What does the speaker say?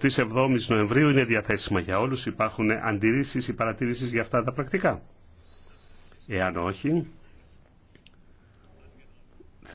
της 7ης Νοεμβρίου είναι διαθέσιμα για όλους. Υπάρχουν αντιρρήσεις ή παρατηρήσεις για αυτά τα πρακτικά. Εάν όχι,